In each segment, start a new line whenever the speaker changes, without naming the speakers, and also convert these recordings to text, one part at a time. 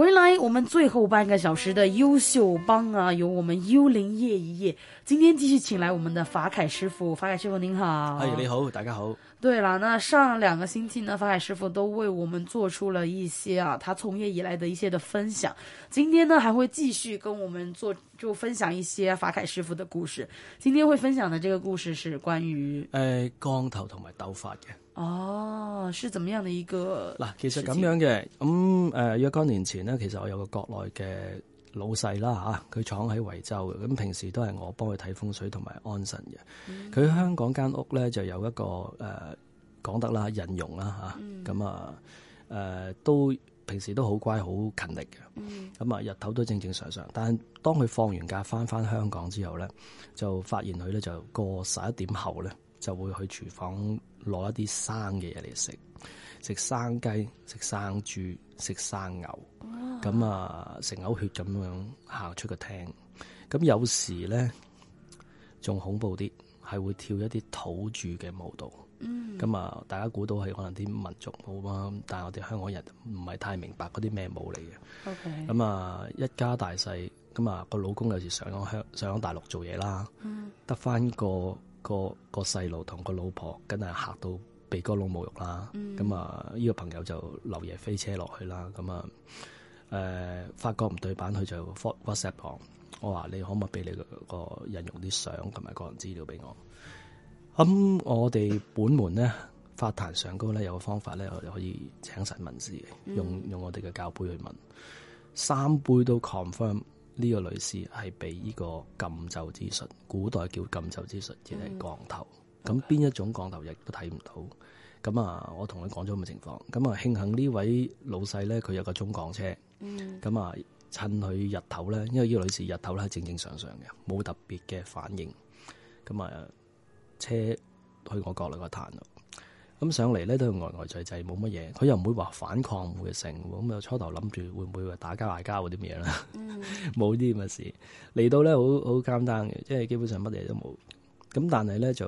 回來，我們最後半個小時的優秀幫啊，有我們幽靈夜一夜。今天繼續請來我們的法凱師傅，法凱師傅您好。哎、hey，你好，大家好。對了，那上兩個星期呢，法凱師傅都為我們做出了一些啊，他從業以來的一些的分享。今天呢，還會繼續跟我們做就分享一些法凱師傅的故事。今天會分享的這個故事是關於誒、
呃，光頭同埋斗發嘅。哦，
是怎麼樣的一個？嗱，其實咁
樣嘅咁。嗯誒、嗯、若干年前咧，其實我有個國內嘅老細啦嚇，佢廠喺惠州嘅，咁平時都係我幫佢睇風水同埋安神嘅。佢、嗯、喺香港間屋咧就有一個誒講、啊、得啦，人容啦嚇咁啊，、嗯、啊，啊都平時都好乖好勤力嘅，咁啊日頭都正正常常，常。但係當佢放完假翻翻香港之後咧，就發現佢咧就過十一點後咧就會去廚房攞一啲生嘅嘢嚟食。食生雞、食生豬、食生牛，咁啊成口血咁樣行出個廳。咁有時咧仲恐怖啲，係會跳一啲土著嘅舞蹈。咁、嗯、啊，大家估到係可能啲民族舞啦。但係我哋香港人唔係太明白嗰啲咩舞嚟嘅。咁、okay、啊，一家大細，咁、那、啊個老公有時上咗香上咗大陸做嘢啦，得、嗯、翻個個個細路同個老婆，梗係嚇到。鼻哥窿侮辱啦，咁啊呢個朋友就漏夜飛車落去啦，咁啊誒發覺唔對版，佢就 WhatsApp 我，我話你可唔可以俾你個個人用啲相同埋個人資料俾我？咁、嗯、我哋本門咧法壇上高咧有個方法咧，我哋可以請神問事嘅，用用我哋嘅教杯去問，三杯都 confirm 呢個女士係俾呢個禁咒之術，古代叫禁咒之術，即係降頭。嗯咁邊一種降頭亦都睇唔到，咁啊，我同你講咗咁嘅情況。咁啊，慶幸呢位老細咧，佢有個中港車，咁啊，趁佢日頭咧，因為呢位女士日頭咧係正正常常嘅，冇特別嘅反應。咁啊，車去我角落個壇度，咁上嚟咧都呆呆滯滯，冇乜嘢。佢又唔會話反抗唔嘅成，咁啊初頭諗住會唔會話打交嗌交嗰啲咩啦？冇啲咁嘅事，嚟到咧好好簡單嘅，即係基本上乜嘢都冇。咁但係咧就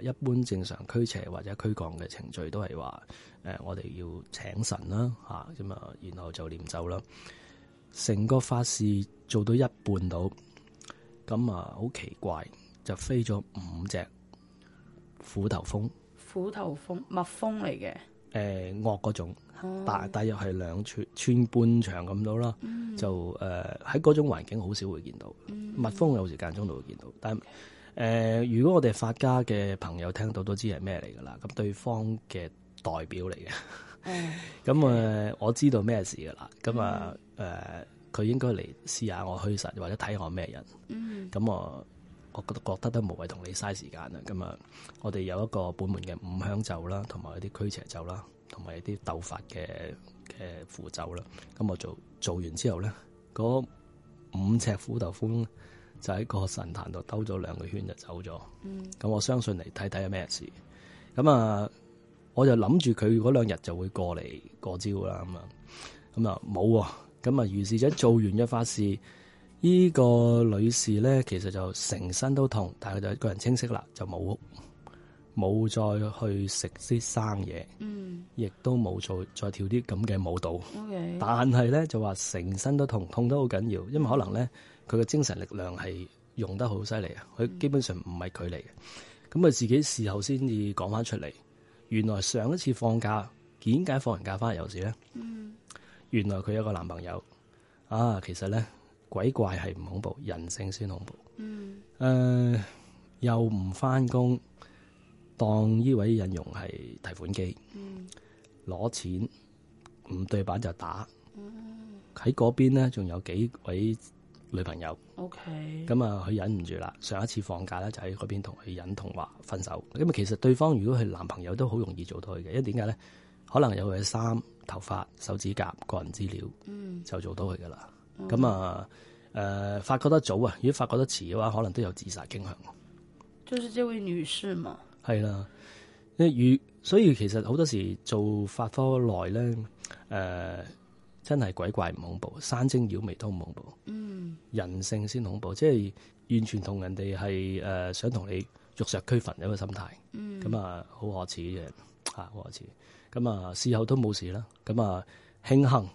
一般正常驅邪或者驅降嘅程序都係話、呃、我哋要請神啦吓，咁啊，然後就念咒啦。成個法事做到一半到，咁啊好奇怪，就飛咗五隻虎頭蜂。
虎頭蜂，蜜蜂嚟嘅。
誒，惡嗰種，哦、大大約係兩寸寸半長咁到啦。嗯、就喺嗰、呃、種環境好少會見到、嗯、蜜蜂，有時間中都會見到，但誒、呃，如果我哋法家嘅朋友聽到都知係咩嚟噶啦，咁對方嘅代表嚟嘅，咁啊、 嗯嗯嗯嗯，我知道咩事噶啦，咁、嗯、啊，誒、嗯，佢、呃、應該嚟試下我虛實，或者睇下我咩人，咁、嗯、我、嗯呃、我覺得覺得都無謂同你嘥時間啦，咁、呃、啊，我哋有一個本門嘅五香咒啦，同埋一啲驅邪咒啦，同埋一啲鬥法嘅嘅符咒啦，咁我做做完之後咧，嗰五尺虎鬥風。就喺個神壇度兜咗兩個圈就走咗。咁、嗯、我相信嚟睇睇有咩事。咁啊，我就諗住佢嗰兩日就會過嚟過招啦。咁啊，咁、嗯、啊冇喎。咁啊，於是者做完一法事，呢、呢個女士咧其實就成身都痛，但佢就個人清晰啦，就冇冇再去食啲生嘢，亦、嗯、都冇做再跳啲咁嘅舞蹈。Okay. 但係咧就話成身都痛，痛得好緊要，因為可能咧。佢嘅精神力量係用得好犀利啊！佢基本上唔係佢嚟嘅，咁、嗯、佢自己事後先至講翻出嚟。原來上一次放假，點解放人假翻嚟有事咧、嗯？原來佢有一個男朋友啊。其實咧，鬼怪係唔恐怖，人性先恐怖。誒、嗯呃，又唔翻工，當呢位印傭係提款機攞、嗯、錢，唔對板就打。喺、嗯、嗰邊咧，仲有幾位。女朋友，OK，咁、嗯、啊，佢忍唔住啦。上一次放假咧，就喺嗰邊同佢忍同話分手。咁啊，其實對方如果係男朋友，都好容易做到佢嘅，因為點解咧？可能有佢嘅衫、頭髮、手指甲、個人資料，嗯，就做到佢噶啦。咁、
okay。啊、嗯，
誒、嗯，發覺得早啊，如果發覺得遲嘅話，可能都有自殺傾向。
就是這位女士嘛。
係啦，因如所以其實好多時做法科內咧，誒、呃，真係鬼怪唔恐怖，山精妖魅都唔恐怖。嗯人性先恐怖，即係完全同人哋係誒、想同你玉石俱焚一個心態。嗯，咁啊好可恥嘅吓，好可恥。咁啊事後都冇事啦，咁啊慶幸。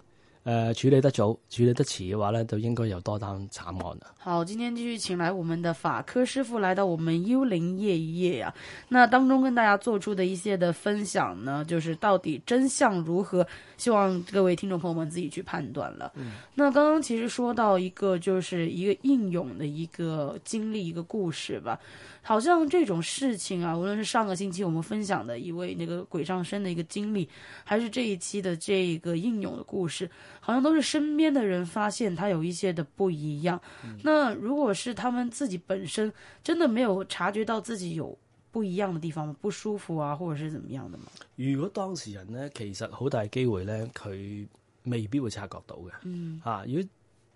呃，處理得早，處理得遲的話呢，都應該有多單慘案啦。
好，今天繼續請來我們的法科師傅，來到我們幽靈夜一夜啊。那當中跟大家做出的一些的分享呢，就是到底真相如何？希望各位聽眾朋友們自己去判斷了。嗯，那剛剛其實說到一個就是一個應勇的一個經歷一個故事吧。好像這種事情啊，無論是上個星期我們分享的一位那個鬼上身的一個經歷，還是這一期的這個應勇的故事。好像都是身邊的人發現他有一些的不一樣，嗯。那如果是他們自己本身真的沒有察覺到自己有不一樣的地方，不舒服啊，或者是怎麼樣的嗎？
如果當事人呢，其實好大機會呢，佢未必會察覺到嘅。嗯、啊，如果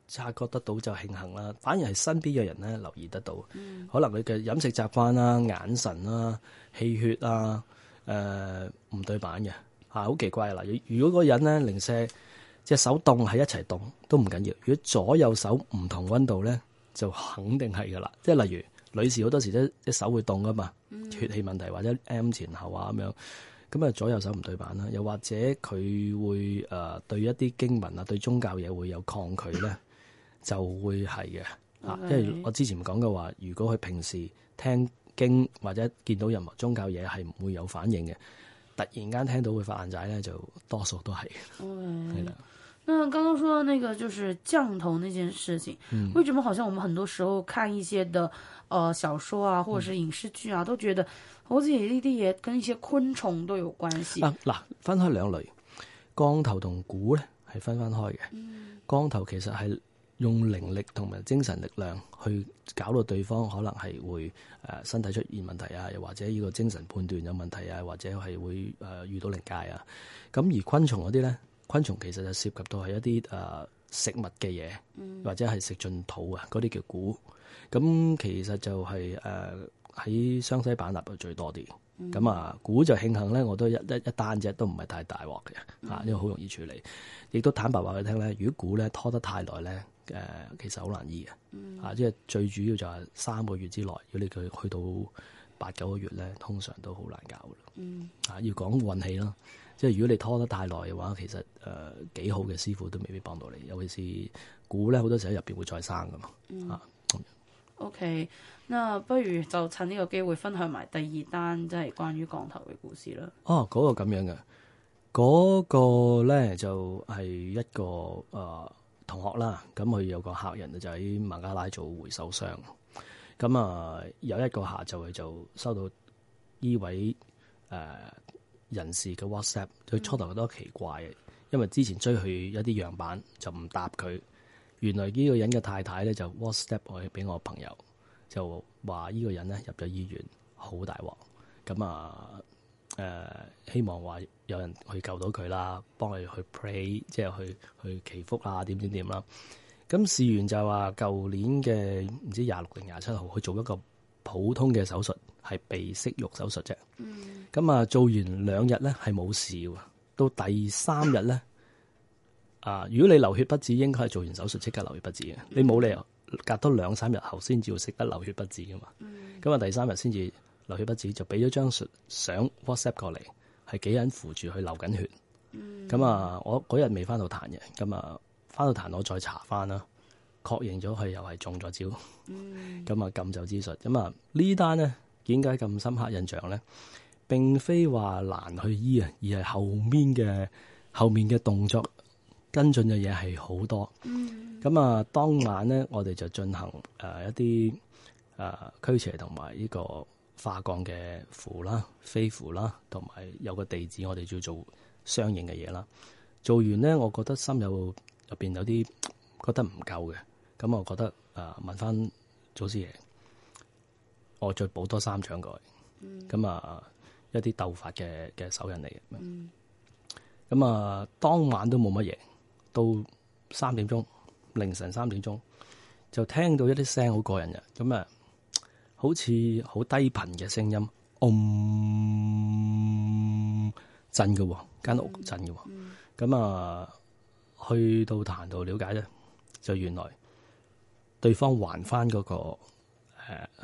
察覺得到就慶幸啦，反而係身邊嘅人呢，留意得到，嗯、可能你嘅飲食習慣啦、啊、眼神啦、啊、氣血啊，誒、呃、唔對版嘅吓，好、啊、奇怪嗱、啊。如果個人呢，零舍，隻手凍係一齊凍都唔緊要緊，如果左右手唔同溫度咧，就肯定係噶啦。即係例如女士好多時咧隻手會凍噶嘛，嗯、血氣問題或者 M 前後啊咁樣，咁啊左右手唔對版啦。又或者佢會誒、呃、對一啲經文啊、對宗教嘢會有抗拒咧，就會係嘅、啊。因為我之前講嘅話，如果佢平時聽經或者見到任何宗教嘢係唔會有反應嘅。突然間聽到會發眼仔咧，就多數都係。係、
okay. 啦，那剛剛講到那個就是降頭那件事情，嗯，為什麼好像我們很多時候看一些的，呃，小說啊，或者是影視劇啊，嗯、都覺得好似呢啲嘢跟一些昆蟲都有關係。
啊。分開兩類，降頭同蠱咧係分，分開嘅，嗯。降頭其實係。用靈力同埋精神力量去搞到對方，可能係會身體出現問題啊，又或者呢個精神判斷有問題啊，或者係會遇到靈界啊。咁而昆蟲嗰啲咧，昆蟲其,、嗯、其實就涉及到係一啲食物嘅嘢，或者係食盡土啊，嗰啲叫蠱。咁其實就係誒喺湘西版納度最多啲。咁、嗯、啊，蠱就慶幸咧，我都一一一單隻，都唔係太大鑊嘅嚇，因為好容易處理。亦都坦白話俾你聽咧，如果蠱咧拖得太耐咧。誒、呃，其實好難醫嘅、嗯，啊，即係最主要就係三個月之內，如果你佢去到八九個月咧，通常都好難搞嘅啦、嗯。啊，要講運氣啦，即、就、係、是、如果你拖得太耐嘅話，其實誒、呃、幾好嘅師傅都未必幫到你，尤其是蠱咧，好多時候入邊會再生㗎嘛。嗯、
啊，OK，那不如就趁呢個機會分享埋第二單，即、就、係、是、關於降頭嘅故事啦。
哦、啊，嗰、那個咁樣嘅，嗰、那個咧就係、是、一個誒。呃同學啦，咁佢有個客人就喺孟加拉做回收商，咁啊有一個下晝佢就收到呢位誒、呃、人士嘅 WhatsApp，佢初頭好多奇怪嘅，因為之前追佢一啲樣板就唔答佢，原來呢個人嘅太太咧就 WhatsApp 我俾我朋友，就話呢個人咧入咗醫院，好大鑊，咁啊誒希望話。有人去救到佢啦，幫佢去 pray，即係去去祈福啊，點點點啦。咁事源就話舊年嘅唔知廿六定廿七號去做一個普通嘅手術，係鼻息肉手術啫。咁、嗯、啊做完兩日咧係冇事，到第三日咧啊！如果你流血不止，應該係做完手術即刻流血不止嘅、嗯，你冇理由隔多兩三日後先至會識得流血不止噶嘛。咁、嗯、啊第三日先至流血不止，就俾咗張書相 WhatsApp 過嚟。係幾人扶住佢流緊血？咁、嗯、啊，我嗰日未翻到壇嘅，咁啊翻到壇我再查翻啦，確認咗佢又係中咗招。咁、嗯、啊，急救之術。咁啊，呢單咧點解咁深刻印象咧？並非話難去醫啊，而係後面嘅後面嘅動作跟進嘅嘢係好多。咁、嗯、啊，當晚咧我哋就進行誒、呃、一啲誒、呃、驅邪同埋呢個。化降嘅符啦、飛符啦，同埋有，有個地址，我哋要做相應嘅嘢啦。做完咧，我覺得心有入邊有啲覺得唔夠嘅，咁、嗯、我覺得啊、呃，問翻祖師爺，我再補多三掌佢。咁、嗯嗯、啊，一啲鬥法嘅嘅手印嚟嘅。咁、嗯嗯、啊，當晚都冇乜嘢，到三點鐘凌晨三點鐘就聽到一啲聲好過癮嘅，咁啊。好似好低頻嘅聲音，嗡、哦、震嘅，間屋震嘅。咁、嗯、啊，去、嗯嗯嗯嗯、到壇度了解咧，就原來對方還翻嗰、那個誒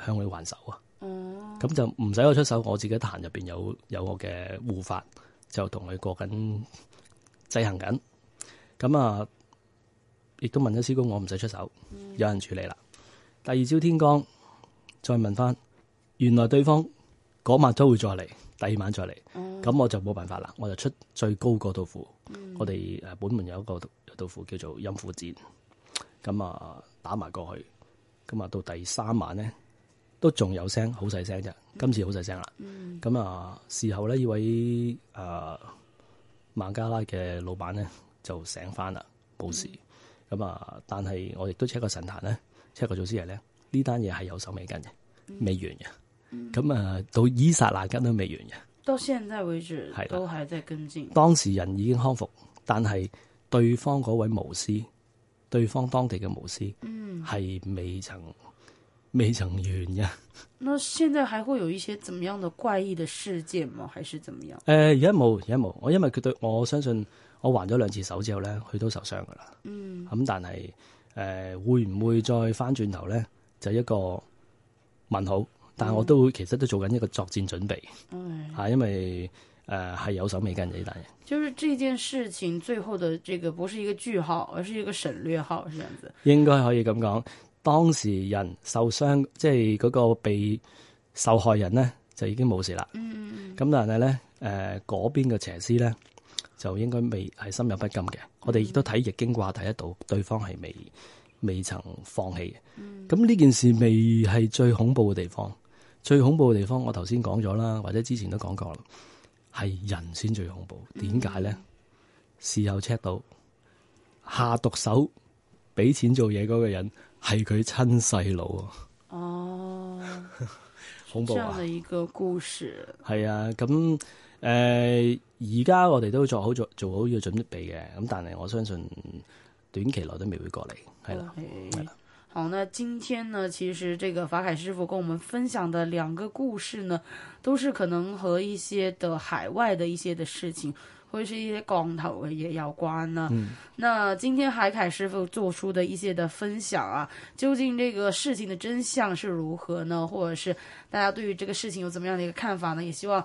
向你還手啊。咁、嗯嗯、就唔使我出手，我自己壇入邊有有我嘅護法，就同佢過緊制行緊。咁、嗯、啊，亦、嗯嗯嗯、都問咗師公，我唔使出手，有人處理啦。第二朝天光，再問翻，原來對方嗰晚都會再嚟，第二晚再嚟，咁、oh. 我就冇辦法啦，我就出最高個道符。Mm. 我哋誒本門有一個道符叫做陰符節，咁啊打埋過去，咁啊到第三晚咧都仲有聲，好細聲啫，mm. 今次好細聲啦。咁、mm. 啊事後咧，一位呃、呢位誒孟加拉嘅老闆咧就醒翻啦，冇事。咁、mm. 啊，但係我亦都請個神壇咧，請個祖師爺咧。呢單嘢係有手尾跟嘅、嗯，未完嘅，咁、嗯、啊、嗯、到伊剎那根都未完嘅。
到現在為止係啦，都還在跟進。當
時人已經康復，但係對方嗰位巫師，對方當地嘅巫師，嗯，係未曾未曾完嘅。
那現在還會有一些怎麼樣的怪異的事件嗎？還是怎麼樣？
誒而家冇，而家冇。我因為佢對我，我相信，我還咗兩次手之後咧，佢都受傷噶啦。嗯，咁、嗯、但係誒、呃、會唔會再翻轉頭咧？就一個問號，但係我都、嗯、其實都做緊一個作戰準備，係、嗯啊、因為誒係、呃、有手尾嘅呢大人。
就是這件事情最後的這個不是一個句號，而是一個省略號，是這樣子。
應該可以咁講，當時人受傷，即係嗰個被受害人咧就已經冇事啦。嗯嗯咁但係咧，誒、呃、嗰邊嘅邪師咧就應該未係心有不甘嘅、嗯。我哋亦都睇易經卦睇得到，對方係未。未曾放棄嘅，咁、嗯、呢件事未係最恐怖嘅地方。最恐怖嘅地方，我頭先講咗啦，或者之前都講過啦，係人先最恐怖。點解咧？事後 check 到下毒手俾錢做嘢，嗰個人係佢親細佬
啊！哦， 恐怖嘅，啊、一個故事
係啊，咁誒，而、呃、家我哋都做好做做好要準備嘅，咁但係我相信。短期內都未會過嚟，係啦，係、okay.
啦。好，那今天呢，其實這個法凱師傅跟我們分享的兩個故事呢，都是可能和一些的海外的一些的事情，或者是一些光頭也有關呢。嗯。那今天海凱師傅做出的一些的分享啊，究竟這個事情的真相是如何呢？或者是大家對於這個事情有怎麼樣的一個看法呢？也希望。